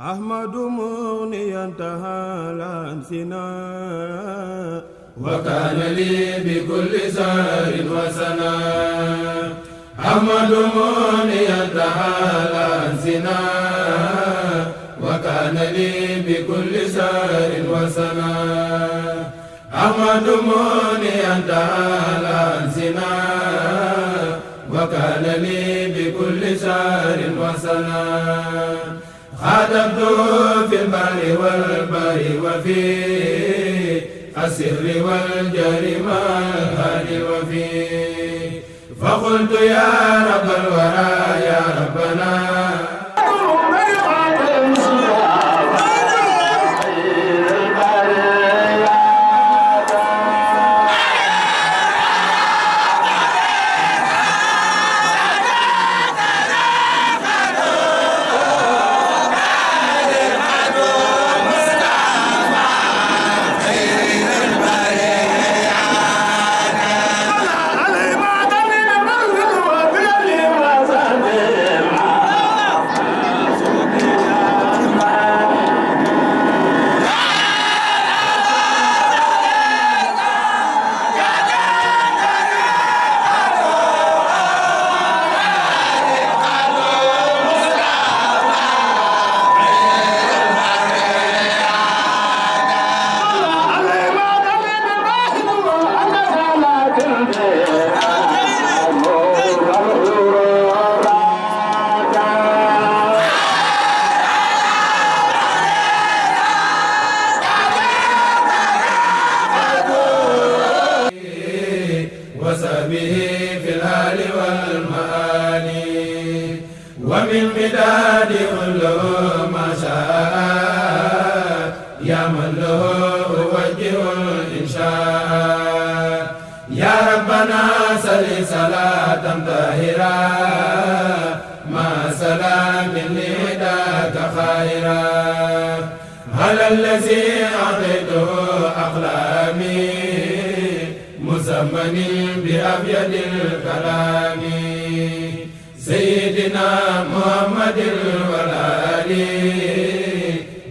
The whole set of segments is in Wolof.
أحمد مغنيا تهالا سنا وكان لي بكل زار وسنا أحمد مغنيا تهالا سنا وكان لي بكل زار وسنا أحمد مغنيا تهالا سنا وكان لي بكل زار وسنا خدمت في البر والبر وفي السر والجر والهر وفي فقلت يا رب الورى يا ربنا ومن بلاد كل ما شاء يا من له وجه إن شاء يا ربنا صل صلاة طاهرة ما سلام لهداك خيرا على الذي أعطيته أقلامي مزمن بأبيض الكلام سيدنا محمد الولالي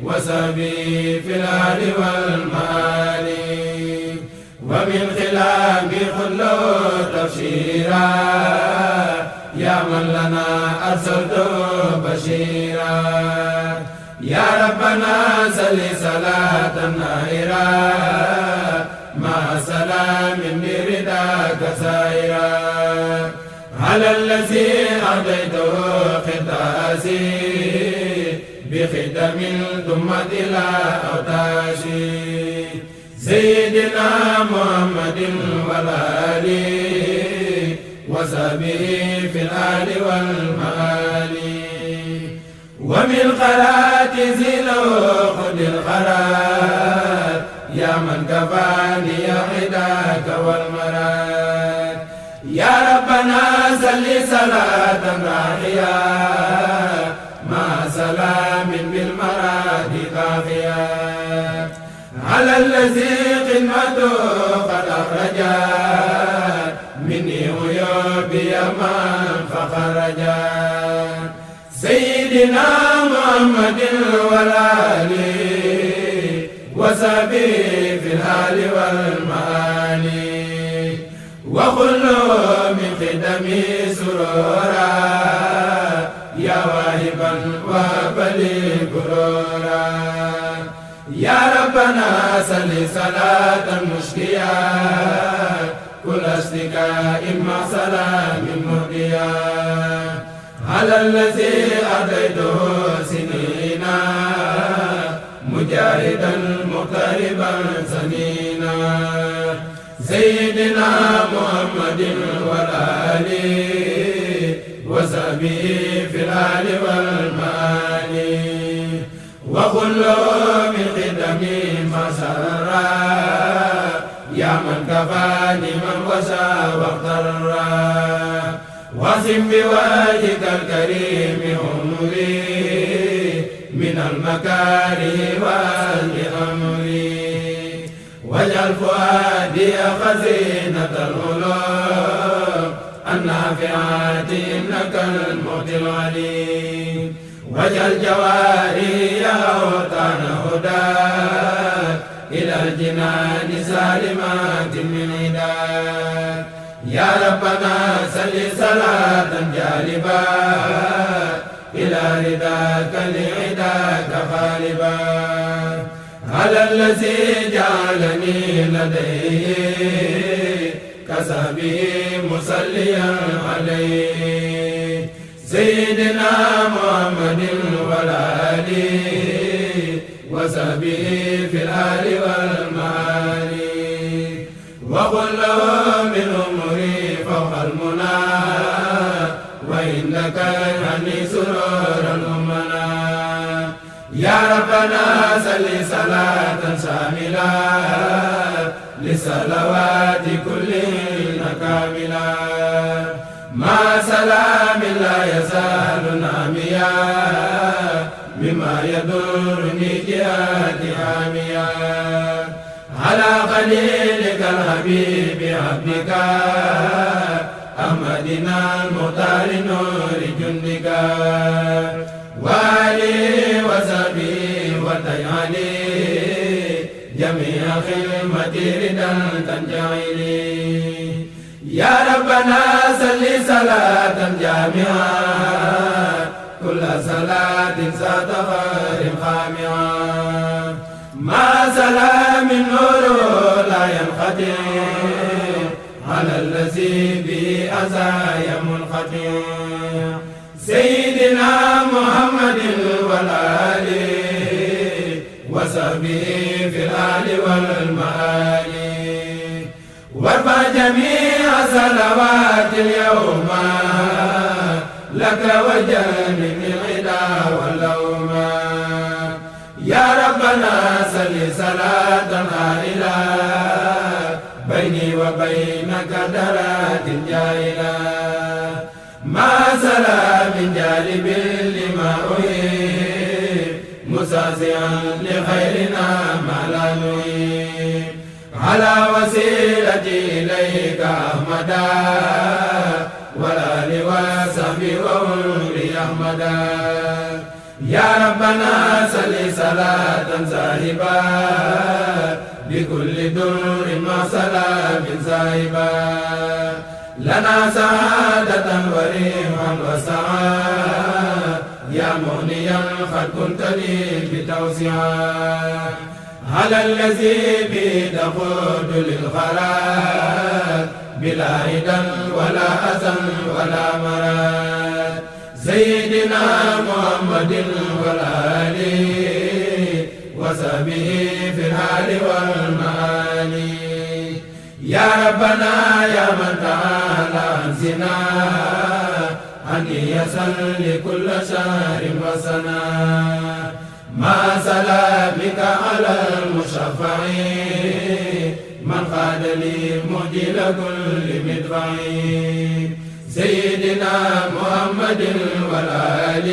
وسبي في الأهل والمال ومن خلاف خلو تبشيرا يا من لنا أرسلت بشيرا يا ربنا سل صلاة نائرا مع سلام برداك سائرا على الذي أرضيته خطاسي بخدم ثم لا أعطاشي سيدنا محمد والآلي وسبه في الآل والمآل ومن خلات زلو خد الخلات يا من كفاني حداك والمرات صلي صلاة راحية مع سلام بالمراد باقية على الذي قمته قد أخرجا مني ويوبي من فخرجا سيدنا محمد والآل وسبي في الآل والمآل وخلوا قدمي سرورا يا واهبا وبلي غرورا يا ربنا صل صلاة مشكيا كل اشتكاء مع سلام مرضيا على الذي أديته سنينا مجاهدا مغتربا سنينا سيدنا محمد والآل وسبي في الآل والمال وكل من قدم سرى يا من كفاني من وسى واغتر واسم بوجهك الكريم عمري من المكاره والنعم واجعل فؤادي خزينة الغلوب النافعات إنك المعطي العليم واجعل جواري أوطان هداك إلى الجنان سالمات من عداك يا ربنا سل صلاة جالبا إلى رداك لعداك خالبا على الذي جعلني لديه كسبي مصليا عليه سيدنا محمد الولادي وسبي في الآل صلاة شاملة للصلوات كلهن كاملة ما سلام لا يزال ناميا بما يدورني جهاتي حاميا على خليلك الحبيب عبدك أمدنا المختار نور جندك تنجعيني يا ربنا صل صلاة جامعة كل صلاة صدقة خامعة ما سلام نور لا ينقطع على الذي به أزايا منقطع سيدنا محمد والآل وصحبه جميع صلوات اليوم لك وجميع العدا واللوم يا ربنا سل صلاتنا إلى بيني وبينك درات جائلة ما سلام من جانب لما أهيب مسازعا لخيرنا ما لا نهيب على وسيلة أحمدا والآل وصحبه وأولي أحمدا يا ربنا صل صلاة صاحبا بكل در ما سلام صاحبا لنا سعادة وريما وسعادة يا مغنيا قد كنت لي بتوسعا على الذي بيدخل للغرات بلا إدم ولا حزن ولا مرات سيدنا محمد والآلي وسبه في الحال والمعالي يا ربنا يا من تعالى أنزنا أن يسل لكل شهر وسنه ما سلا بك على المشفع من قاد لي مجل كل مدفع سيدنا محمد والآل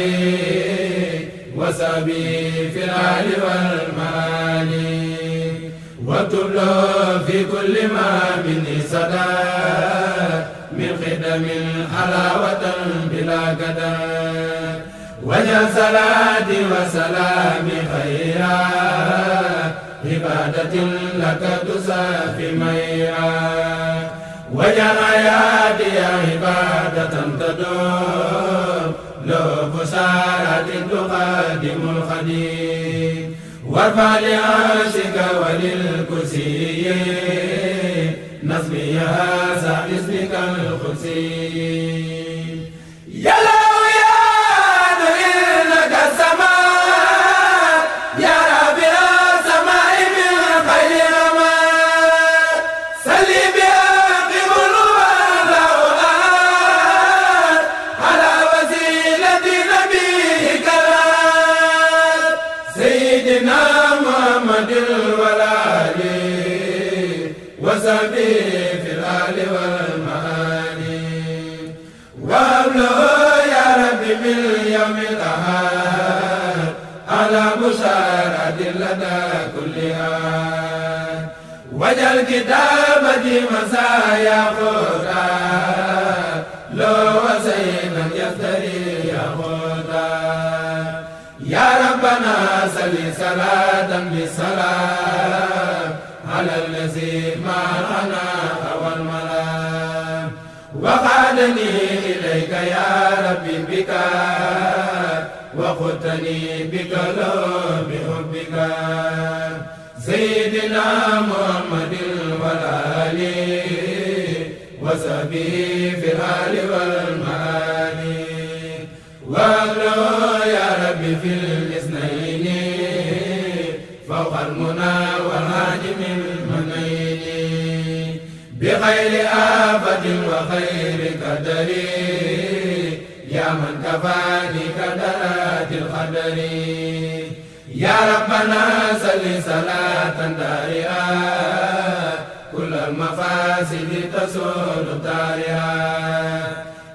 وسبي في الآل والمال واكتب في كل ما مني سدى من خدم حلاوة بلا كدى صلاة وسلام خيرا عبادة لك تسافي ميرا وجعل يادي عبادة تدور لو بسارة تقدم الخديم وارفع لعرشك وللكرسي نصبي هذا اسمك القدسي مسارة لدى كلها وجل كتابتي مسايا خدا لو سينا يفتري يا خدا يا ربنا صل صلاة بالسلام على الذي معنا أول ملام وقادني إليك يا ربي بك فاختني بكلام حبك سيدنا محمد والآل وسبي في الآل والمال واغلو يا ربي في الاثنين فوق المنى والهاجم المنين بخير آفة وخير قدري يا من كفاني قدرا القدر يا ربنا سل صلاة دارئة كل المفاسد تسود دارئة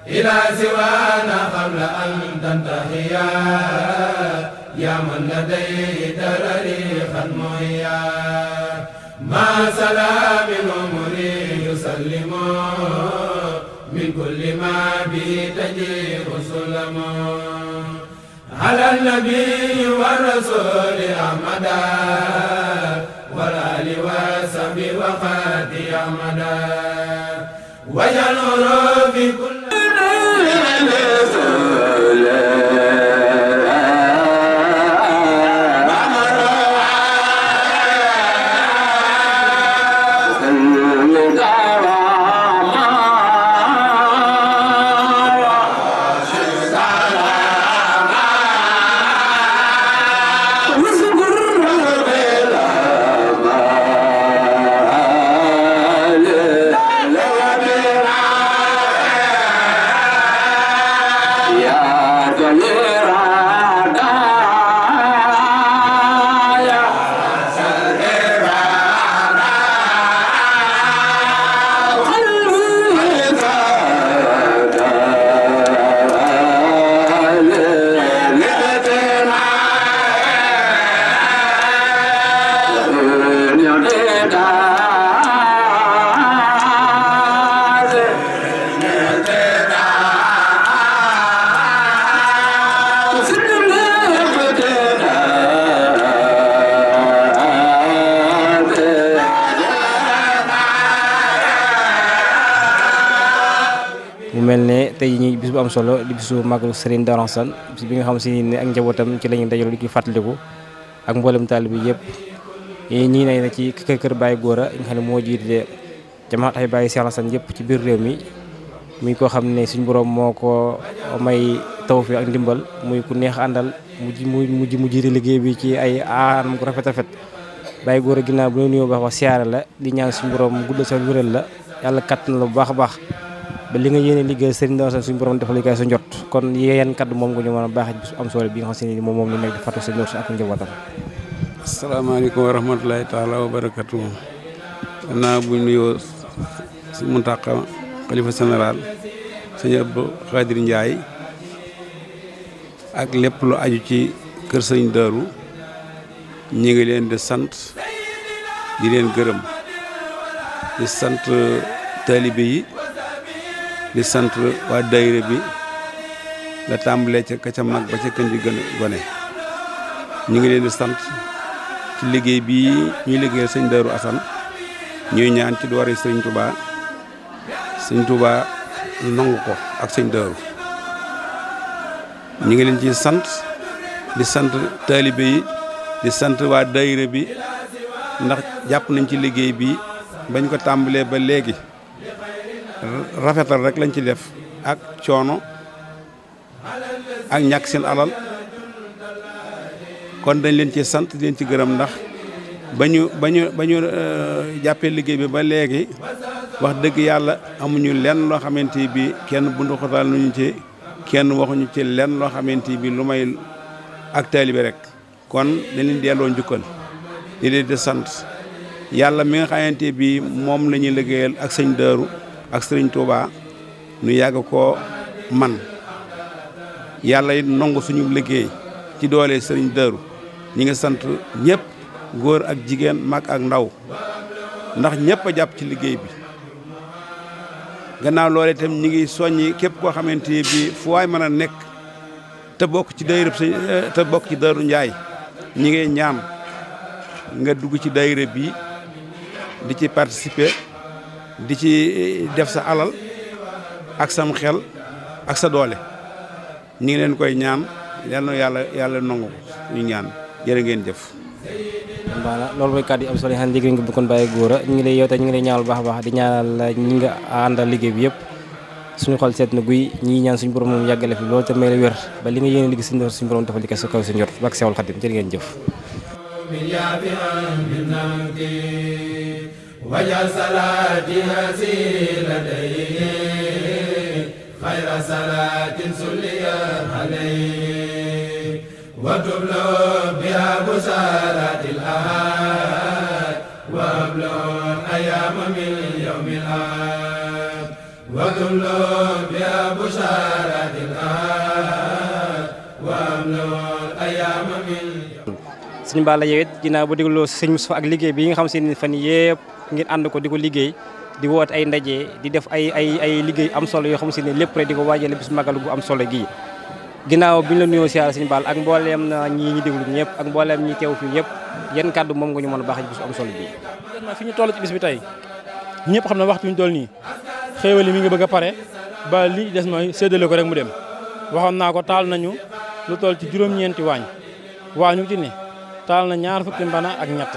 إلى سوانا قبل أن تنتهي يا من لديه تراريخا مهيا ما من الأمر يسلم من كل ما به تجيء سلمه على النبي والرسول أحمد والآل وصحبه وقاتي أحمد وجعل في كل tay ñi bisbu am solo di bisu màggalu Serigne daronson bis bi nga xam ci ni ak njabotam ci lañu dajal dajaloo di ki fàttaliku ak mbolam taalibe yépp yëpp ñi nay na ci kër kër Baye Gora nga xam mo jitt jiite jamaat ay Baye Serigne Hassane yépp ci biir réew mi muy ko xam ne suñu borom moko may tawfi ak dimbal muy ku neex andal mu muji mu jiite liggéey bi ci ay anam ko rafet rafet Baye Gora ginnaaw bu ñu ñu wax wax siara la di ñaan suñu borom guddal sa wéral la yalla kàttan la bu baax baax ba li nga yéene liggéey sëriñ Daam suñu borom sa kon yéen kaddu moom nga ñu mën a am solo bi nga xam ne moom moom la nekk di fàttu sëriñ Daam Seen ak wa rahmatulahi taala wa barakatu naa bu nuyoo si Muntaqa xalifa général sëñ Abdou Khadir Ndiaye ak lépp lu aju ci kër sëñ Daaru ñi ngi leen di sant di leen gërëm di sant euh, yi di sant waa dayre bi la tàmbalee ca ka ba ca kën ji gën ñu ngi leen sant ci liggéey bii ñuy liggéeyal sëñ Darou ñuy ñaan ci doore sëñ Touba sëñ Touba nangu ko ak sëñ ñu ngi leen ci sant di sant taalibe yi di sant waa dayre bi ndax jàpp nañ ci liggéey bi bañ ko tàmbalee ba léegi rafetal rek lañ ci def ak coono ak ñàkk seen alal kon dañ leen ci sant leen ci gërëm ndax bañu ñu bañu ñu euh, jàppee liggéey bi ba léegi wax dëgg yàlla amuñu lenn loo xamante bi kenn buntu xotaal nuñu ci kenn waxuñu ci lenn loo xamante bi lu may ak taalibe rek kon dañ leen delloo njukkal di leen di sant yàlla mi nga xamante bi moom la ñuy liggéeyal ak sëñ Daaru ak sëriñ Touba nu yàgg ko man yàlla yi nangu suñu liggéey ci doole sëriñ Dëru ñi ngi sant ñëpp góor ak jigéen mag ak ndaw ndax ñëpp a jàpp ci liggéey bi gannaaw loole itam ñi ngi soññ képp koo xamante ni bii fu waay mën a nekk te bokk ci eh, te bokk ci Dëru Njaay ñi ngi ñaan nga dugg ci dayre bi di ci participer di ci def sa alal ak sam xel ak sa doole ñu ngi leen koy ñaan yal na yalla yàlla nangu ñu ñaan jërë ngeen def mbala lolou loolu mooy kàddu yi am solo xam liggéey nga bëggoon bàyyi góor ñu ngi lay yow te ñi ngi lay ñaawal bax bax di ñaanal ñi nga andal liggéey bi yep suñu xol seet na guy ñi ñaan suñu borom moom yàggale fi lolou te may la wër ba li nga yene liggéey suñu borom suñu borom dafa liggéey sa kaw suñu jot bak sewal xadim jere ngeen jëf Bilal bin Nabi واجعل صلاتي هذه لديه خير صلاة سلي عليه واكتب له بها بسالة الأحد وأبلغ أيام من يوم الأحد واكتب له بها بسالة sëñ Balla yewet it bu diglu dégloo sëñ ak liggey bi nga xam seen fan yeb ngir and ko di liggey di wot ay ndaje di def ay ay ay liggey am solo yo xam seen lepp rek diko ko bis magal gu am solo gi ginaaw biñ la nuyo siyaar sëñ bal ak mbollem na ñi ñi diglu ñëpp ak mbollem ñi tew fi ñëpp yeen kaddu mom nga ñu mëna a ci bis am solo bi fi ñu toll ci bis bi tay ñëpp xam na waxtu ñu toll nii mi nga bëgg paré ba li des moy sédélé ko rek mu dem waxon na ko tal nañu lu toll ci juroom ñenti wañ wañu ci ne taal na ñaar fukki mbana ak ñett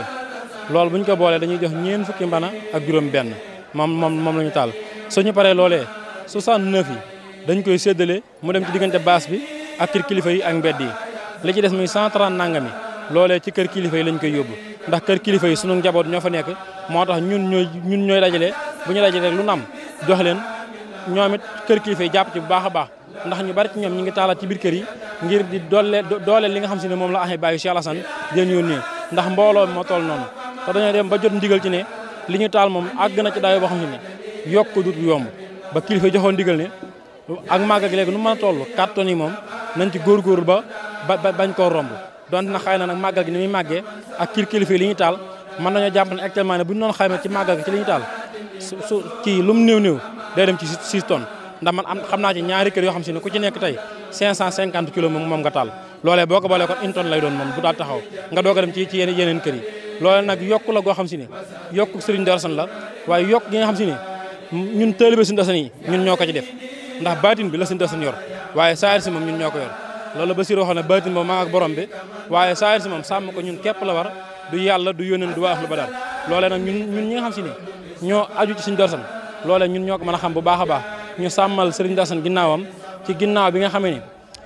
loolu bu ñu ko boolee dañuy jox ñeen fukki mbana ak juróom benn moom moom moom la ñu taal ñu paree loolee 69 yi dañu koy séddale mu dem ci diggante baas bi ak kër kilifa yi ak mbedd li ci des muy 130 nangami loolee ci kër kilifa yi lañ koy yóbbu ndax kër kilifa yi sunu njaboot ñoo fa nekk moo tax ñun ñooy ñun ñooy dajale bu ñu dajale lu nam jox leen ñoom it kër kilifa yi jàpp bu baax a baax ndax ñu bari ci ñoom ñi ngi taalaat ci biir kër yi ngir di doole doole li nga xam si ne moom la axe bàyyi Cheikh Alassane dén yónnee ndax mbooloo moo toll noonu te dañoo dem ba jot ndigal ci ne li ñu taal moom àgg na ci dayo boo xam ne yokk ko dut yomb ba kilifa joxoon ndigal ne ak màgg gi léegi nu mën a toll quatre yi moom nañ ci góorgóorlu ba ba bañ koo romb doon na xëy na nag màggal gi ni muy màggee ak kii kilifa yi li ñuy taal mën nañoo jàpp ne bu ñu doon xayma ci màggal gi ci li ñuy taal su su kii lu mu néew néew day dem ci six tonnes ndax man am xam naa ci ñaari kër yoo xam si ne ku ci nekk tey 550 kilos moom moom nga taal loolee boo ko boolee kon une tonne lay doon moom bu daal taxaw nga doog a ci ci yeneen yeneen nag yokk la goo xam si ne yokk sëriñ Darou Assane la waaye yokk gi nga xam si ne ñun taalibe sëriñ Darou Assane yi ñun ñoo ko ci def ndax baatin bi la sëriñ Darou Assane yor waaye saayir si moom ñun ñoo ko yor loolu Basiru waxoon ne baatin moom maa ak borom bi waaye saayir yàlla du yóneen du waax lu ba daal loolee nag ñun ñun ñi nga xam si ne ñun ñoo ko mën a xam bu baax a baax ñu samal Serigne Dassane ginnawam ci ginnaw bi nga xamé ni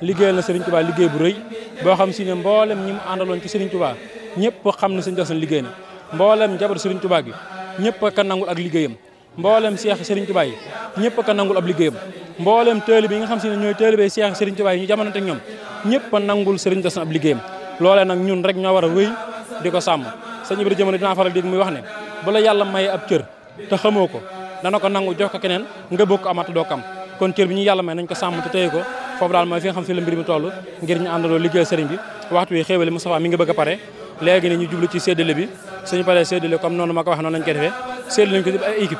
liggéey na Serigne Touba liggéey bu reuy bo xam ci ne mbolam ñim andalon ci Serigne Touba ñepp xam na Serigne Dassane liggéey na mbolam jabar Serigne Touba gi ñepp ka nangul ak liggéeyam mbolam cheikh Serigne Touba yi ñepp ka nangul ab liggéeyam mbolam taalibe yi nga xam ci ne ñooy taalibe cheikh Serigne Touba yi ñu jamonante ak ñom ñepp nangul Serigne Dassane ab liggéeyam lolé nak ñun rek ño wara a diko sam serigne ibrahima dina faral di muy wax ne bala yalla may ab cër te xamoko dana ko nangu jox ko keneen nga bokk amatu doo kam kon cër bi ñu yàlla may nañ ko sàmm te téye ko foofu daal mooy fi nga xam fi la mbir mi toll ngir ñu àndandoo liggéeyal sëriñ bi waxtu wi xéewale Moustapha mi bëgg a pare léegi ne ñu jublu ci séddale bi suñu paree séddale comme noonu ma ko wax noonu lañ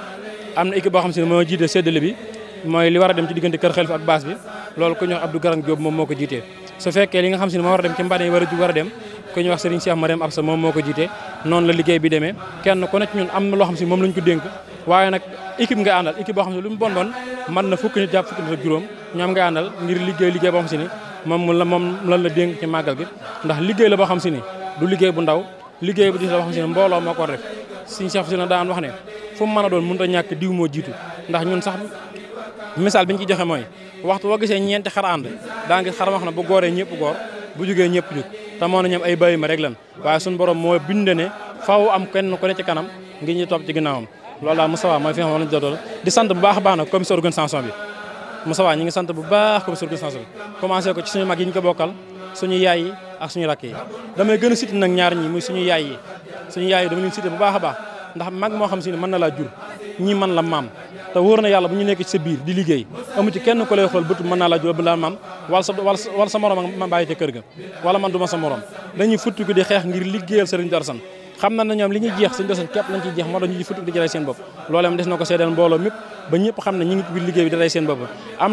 am na équipe boo xam si ne moo jiite li war dem ci diggante kër xel fi ak baas bi loolu ku ñuy wax Abdou Garan Diop moom moo ko jiitee su fekkee li nga xam si ne moo war a dem ci mbane yi war a ju war a dem ku ñuy wax Serigne Cheikh la am na loo xam si moom lañ ko dénk waaye nag équipe nga àndal équipe boo xam ne lu mu bon bon mën na fukki nit jàpp fukki nit ak juróom ñoom nga àndal ngir liggéey liggéey boo xam si ni moom la moom lan la dénk ci màggal gi ndax liggéey la boo xam si ni du liggéey bu ndaw liggéey bu diis la wax xam si ni mbooloo moo ko def suñu chef si na daan wax ne fu mu mën a doon mënut ñàkk diw moo jiitu ndax ñun sax misaal bi ñu ci joxe mooy waxtu woo gisee ñeenti xar ànd daa ngi xar wax na bu gooree ñëpp goor bu jógee ñëpp te moo na ñoom ay bàyyi rek lan waaye suñu borom moo binde ne faaw am kenn ku ne ci kanam ngir ñu topp ci ginnaawam loolu musawa Moussa Wa mooy fi nga xam di sant bu baax a baax nag commission organisation bi Moussa Wa ñu ngi sant bu baax commission organisation bi commencé ko ci suñu mag yi ñu ko bokkal suñu yaay yi ak suñu rakk damay gën a cité nag ñaar ñi muy suñu yaay yi suñu yaay yi dama leen cité bu baax baax ndax mag moo xam si ne na jur ñii man la mam te wóor na bu ñu nekk ci sa biir di liggéey amu ci kenn ko lay xol bëtu mën naa la jur bu la maam wal sa wal sa morom ma bàyyi ca kër ga wala man duma sa morom dañuy futtu ko di xex ngir liggéeyal Serigne Darsan xam na na ñoom li ñu jeex suñu dosen képp lañ ciy jeex moo tax ñu ci futuk di ci rey seen bopp loolee des na ko seedeel mbooloo mépp ba ñëpp xam ne ñi ngi ci liggéey bi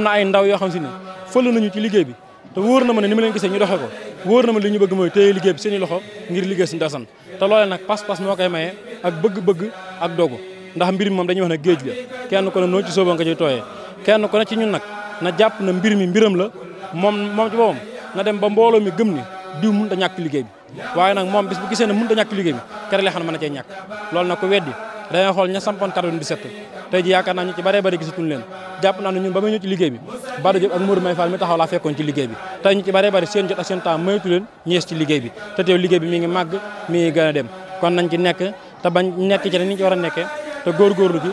na ay ndaw yoo xam si ne fël nañu ci liggéey bi te wóor na ma ne ni ma leen ñu doxee ko wóor na ma li ñu bëgg mooy téye liggéey bi seeni loxo ngir liggéey suñu dosen te loolee nag pas-pas moo koy maye ak bëgg-bëgg ak dogu ndax mbir mi moom dañuy wax ne géej ga kenn ku ne noo ci sóoboo nga ciy tooyee kenn ku ne ci ñun nag na jàpp na mbir mi mbiram la moom moom ci boppam na dem ba mbooloo mi gëm ni diw mun ta ñàkk liggéey bi waye nak mom bis bu gisene ne mënut a ñàkk liggéey bi kere li xam ne mën na cee ñàkk loolu nag ko weddi dañuy xool ña sampoon 97 tey ji yaaka naa ñu ci bari bari gisatuñu leen japp naa ne ñun ba muy ñëw ci liggéey bi Bada Diop ak Modou May Fall mi taxaw la fekkon ci liggéey bi tay ñu ci bari bari seen jot ak seen temps mayatu leen ñess ci liggéey bi te teew liggéey bi mi ngi mag mi ngi gëna dem kon nañ ci nekk te bañ nekk ci ni ñu ci war a nekkee gor góorgóorlu ci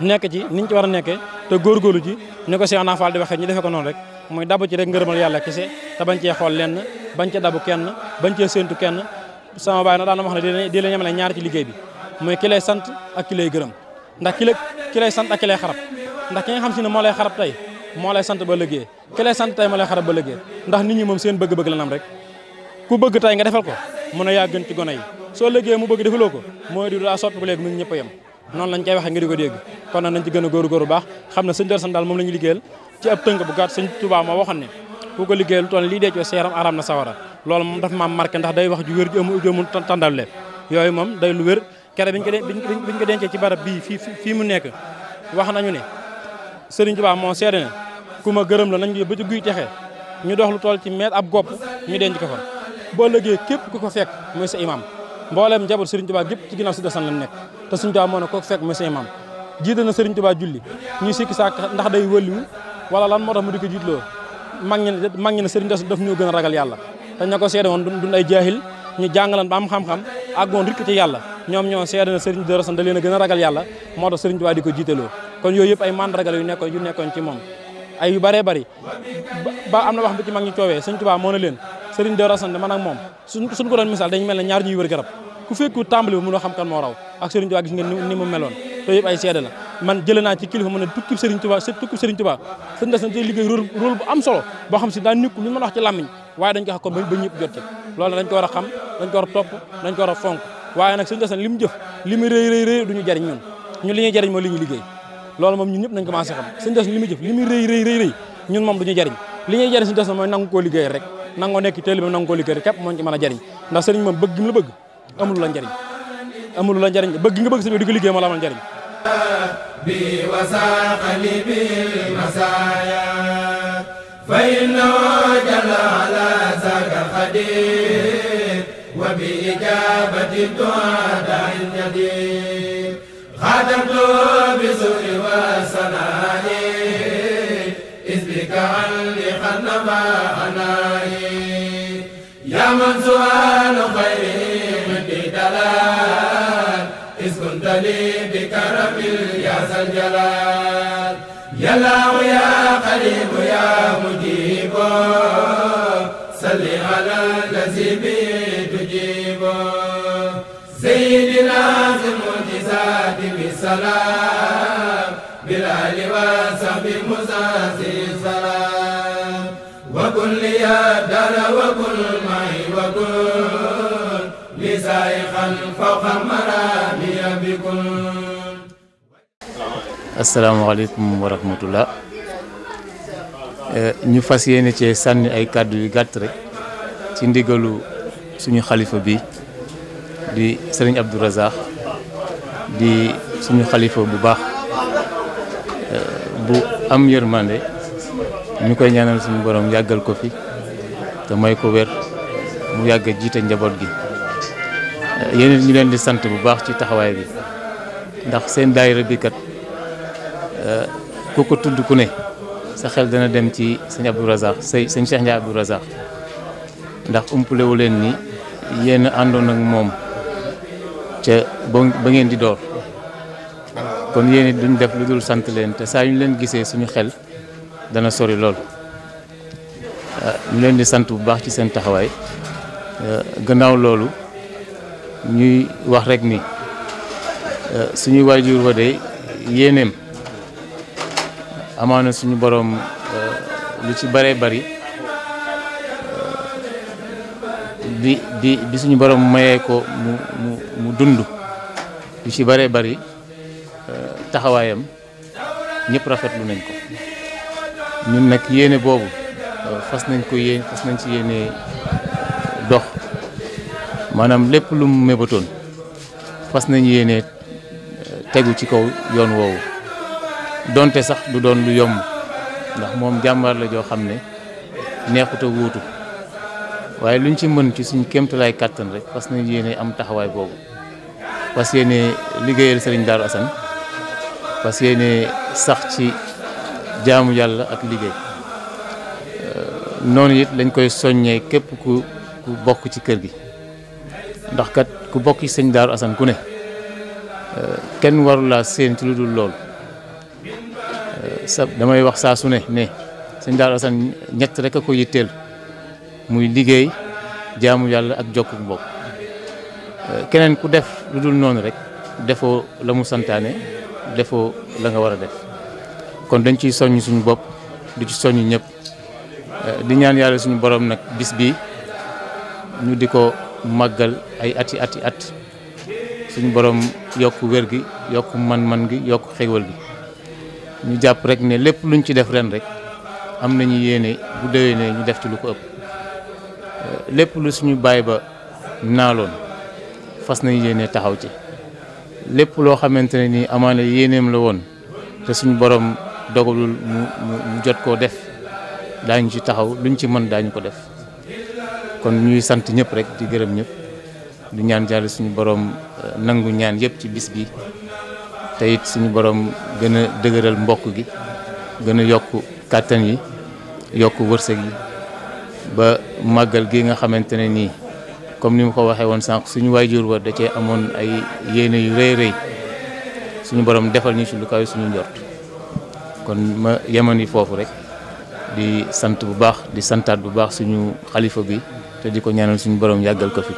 nekk ci ni ñu ci war a nekkee gor góorgóorlu ci ni ko Cheikh Fall di waxe ñi defee ko non rek muy dabu ci rek ngërëmal yàlla kese te bañ cee xool lenn bañ ca dabu kenn bañ cee séentu kenn sama baay nag daana wax ne di la ñemale ñaar ci liggéey bi muy ki lay sant ak ki gërëm ndax ki la ki sant ak ki lay xarab ndax ki nga xam si ne moo lay xarab tey moo lay sant ba liggéey ki lay sant tey moo lay xarab ba liggéey ndax nit ñi moom seen bëgg-bëgg la rek ku bëgg tey nga defal ko mun a yaa gën ci gone yi soo liggéey mu bëgg defaloo ko mooy di daa sotti bu léegi mu ngi ko dégg a góorgóorlu baax xam ne sëñ ci ab tënk bu gàtt sëñ Tuubaa moo waxoon ne ku ko liggéey lu toll lii dee ci sa yaram araam na sawara loolu moom dafa ma marqué ndax day wax ju wér ju amul ju amul tàndale yooyu moom day lu wér kere biñ ko ko dencee ci barab bii fii mu nekk wax nañu ne Sëriñ Tuubaa moo seede ne ku gërëm la nañ ba ci guy texee ñu dox lu toll ci meet ab gopp ñu denc ko fa boo liggéey képp ku ko fekk mooy sa imam mbooleem njaboot Sëriñ Tuubaa gépp ci ginnaaw si desan sa na Sëriñ Tuubaa julli ñuy sikki sàkk ndax day wëliwu wala lan motax mu diko jitlo jiitloo mag ñi mag daf ñu gëna ragal yalla te ñako sédé won duñ ay jahil ñu jangalan ba am xam-xam àggoon rikk ci yalla ñom ñoo sédé na sëriñ darasan da leena gëna ragal yalla motax tax sëriñ diko jitélo kon yoy yëpp ay mandargal yu nekkon yu nekkon ci mom ay yu bëree bëri ba amna wax bu ci mag ñi coowee sëriñ Tuubaa moo na leen sëriñ darasan man ak moom suñu ko doon misal dañu melni ñaar ñuy wër garab ku fekkou tambali mu mënoo xam kan mo raw ak sëriñ Tuubaa gis ngeen ni mu meloon loolu yëpp ay seede la man jëlee naa ci kilifa mu ne tukkib Serigne Touba se tukkib Serigne Touba sëñ des na ci liggéey rôle rôle bu am solo boo xam si daa nekk lu mën a wax ci làmmiñ waaye dañ ko xam ko ba ñëpp jot ci loolu dañ ko war a xam dañ ko war a topp dañ ko war a fonk waaye jaring, sëñ jaring na li mu jëf li mu rëy rëy rëy jariñ ñun ñun li jariñ mooy li liggéey loolu moom ñun nañ commencé xam sëñ jëf ñun jariñ jariñ sëñ liggéey rek nangoo nekk teel bi nangu liggéey rek képp ci mën jariñ ndax sëriñ moom bëgg gi mu la bëgg amul la amul la bëgg nga bëgg ko liggéey la amal بوساق وساق بالمسايا فإنه جل على ذاك خدير وبإجابة الدعاء الجديد خدمت بزر وسنائي إذ بك علق النبى يا من سؤال يا الله يا قريب يا مجيب صل على الذي به تجيب لازم في المعجزات بالسلام بالآل وصحب مزازي سلام وكل لي الدار وكل معي وكل لسائقا فوق المرامي بكل asalaamaaleykum wa rahmatullah eh, ñu fas yéene cee sànni ay kàddu yu gàtt rek ci ndigalu suñu xalifa bi di sëriñ Abdou Razak di suñu xalifa bu baax eh, bu am yërmande ñu koy ñaanal suñu boroom yàggal ko fi te may ko wér mu yàgg jiite njaboot gi eh, yéen ñu leen di sant bu baax ci taxawaay bi ndax seen daayira bi kat Euh, ku ko tudd ku ne sa xel dana dem ci sëñ Abdou Razak sëñ sëñ Cheikh Ndiaye Abdou Razak ndax umpale wu leen nii yéen àndoon ak moom ca ba ngeen di door kon yéen duñ def lu dul sant leen te saa yu ñu leen gisee suñu xel dana sori lool euh, ñu leen di sant bu baax ci seen taxawaay euh, gannaaw loolu ñuy wax rek ni suñuy waajur wa de yéeneem amaana suñu boroom euh, lu ci bëree bari bi euh, bi suñu borom mayee ko mu mu mu dund lu ci bëree bari euh, taxawaayam ñëpp rafetlu nañ ko ñun nag yéene boobu fas nañ ko yéen fas nañ ci yéene dox maanaam lépp lu mu mébatoon fas nañ yéene tegu ci kaw yoon woowu donte sax du doon lu yomb ndax moom jàmbaar la joo xam ne neexut wuutu wóotu waaye luñ ci mën ci suñ kéemtalaay kàttan rek parce que nañ am taxawaay boobu parce que yéene liggéeyal sëriñ Daaru Asan parce que sax ci jaamu yàlla ak liggéey euh, noonu it lañ koy soññee képp ku ku bokk ci kër gi ndax kat ku bokk ci sëñ Daaru Asan ku ne euh, kenn warula seen ci lu dul lool sa damay wax saa su ne ne sëñ Darou Assane ñett rek a ko yitteel muy liggéey jaamu yàlla ak jokku mbokk keneen ku def lu dul noonu rek defoo la mu santaane defoo la nga war a def kon dañ ciy soññ suñu bopp di ci soññ ñëpp eh, di ñaan yàlla suñu boroom nag bis bi ñu di ko màggal ay ati ati at suñu borom yokk wér gi yokk man-man gi yokk xéwal gi ñu jàpp rek ne lépp luñ ci def ren rek am nañu yéene bu déwénee ñu def ci lu ko ëpp lépp lu suñu baay ba naaloon fas nañu yéene taxaw ci lépp loo xamante ne nii amaana yéeneem la woon te suñu boroom dogalul mu jot koo def daañu ci taxaw luñ ci mën daañu ko def kon ñuy sant ñëpp rek di gërëm ñëpp du ñaan jàll suñu boroom euh, nangu ñaan yëpp ci bis bi te suñu boroom gën a dëgëral mbokk gi gën a yokk kàttan yi yokk wërsëg yi ba màggal gi nga xamante ne nii comme ni mu ko waxee woon sànq suñu waajur wa da cee amoon ay yéene yu rëy rëy suñu borom defal ñu ci lu kaw suñu njort kon ma yi foofu rek di sant bu baax di santaat bu baax suñu xalifa bi te di ko ñaanal suñu boroom yàggal ko fi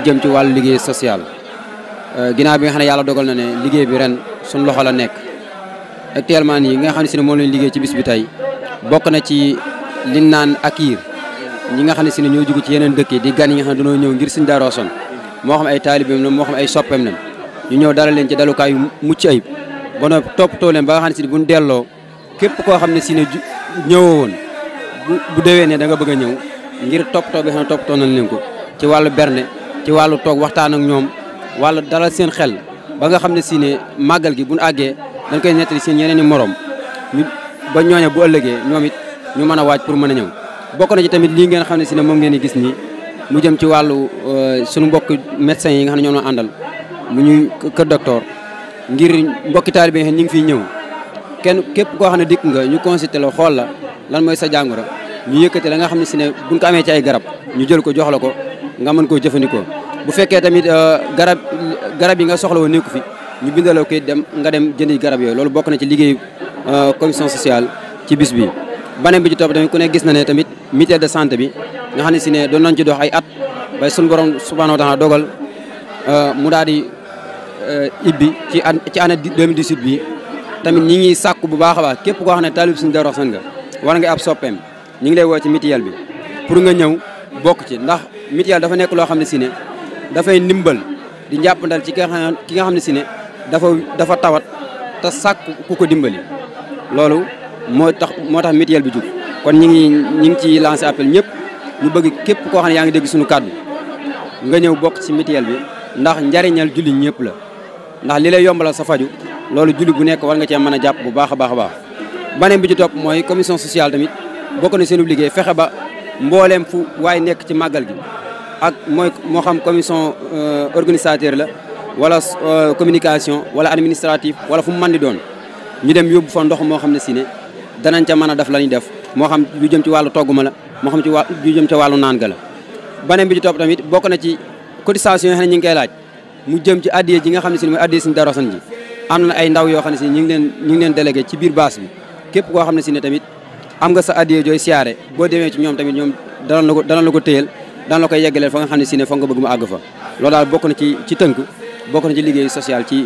jëm ci walu liggéey social euh ginnaaw bi nga xamne yalla dogal na ne liggéey bi ren sun loxo la nekk actuellement yi nga xamne ne mo leen liggéey ci bis bi tay bok na ci li nane akir ñi nga xamne ne ñoo jóge ci yeneen dëkk yi di gan yi nga xamne dañoo ñëw ngir suñ Daaru son mo xam ay taalibeem la mo xam ay soppeem la ñu ñëw dara leen ci dalukaay yu mucc ayib ba top to leen ba nga xamne ne buñ ne kep ko xamne képp ñëwoon bu dewe ne da nga bëgg ñëw ngir top to bi xamne top to nañ leen ko ci walu berne ci walu tok waxtaan ak ñom wàllu dalal seen xel ba nga xamne si ne magal gi buñu agge dañ koy netti seen yeneeni morom ñu ba ñoña bu ëllëgee ñomit ñu mëna a waaj pour mëna ñew ñëw. bokk na ci tamit li ngeen xamne ne si ne mom ngeen gis ni mu jëm ci walu euh, suñu mbokk médecin yi nga xamne ñoo no andal mu ñuy ke docteur ngir mbokk talibé ñi ngi fi ñew kenn képp ko xamne dik nga ñu consulter la xol la lan moy sa jangura ñu yëkëti la nga xamne ne si ne buñ ko amé ci ay garab ñu jël ko jox la ko nga mën koo jëfandikoo bu fekkee tamit euh, garab garab yi nga soxla woon nekku fi ñu bindaloo kayit dem nga dem jëndi garab yooyu loolu bokk na ci liggéey euh, commission sociale ci bis bi beneen bi ci topp tamit ku ne gis na ne tamit mutuelle de santé bi nga xam ne si ne doon nañ ci dox ay at bay suñu borom subhanahu wa taala dogal euh, mu daal di ibbi ci ci année 2018 bi tamit ñi ngi sàkku bu baax a baax képp ko xam ne taalib suñu Daaru Xasan nga war nga ab soppeem ñu ngi lay woo ci mutuelle bi pour nga ñëw bok ci ndax mutuelle dafa nekk loo xam ne da fay nimbal di jappandal ci ki nga xamni ne ne dafa dafa tawat ta sak ku ko dimbali loolu moo tax moo tax mutuelle bi juk kon ñi ngi ñi ci lancer appel ñep ñu bëgg képp ko xamni ya nga suñu nga ñew bok ci bi ndax njariñal julli ñep la ndax li lay yombalal sa faju loolu julli bu nek war nga ci mëna japp bu baaxa baaxa baax banen bi ci top moy commission sociale tamit bokk na seen liggéey mbooleem fu waaye nekk ci màggal gi ma ak mooy moo xam commission euh, organisateur la wala euh, communication wala administratif wala fu mu mën di doon ñu dem yóbbu fa ndox moo xam ne si ne danañ ca mën a def la ñuy def moo xam lu jëm ci wàllu togguma la moo xam ci wàll lu jëm ci wàllu naan ga la. beneen bi ci topp tamit bokk na ci cotisation yoo xam ñu ngi koy laaj mu jëm ci addiya ji nga xam ne si ne mooy addiya suñu darosan ji am na ay ndaw yoo xam ne si ñu ngi leen ñu ngi leen ci biir baas bi képp koo xam ne si ne tamit am nga sa addiye jooy siyaare boo demee ci ñoom tamit ñoom danañ la ko danañ la ko téyel danañ la koy yeggaleel fa nga xam ne si ne fa nga bëgg mu àgg fa loolu daal bokk na ci ci tënk bokk na ci liggéey social ci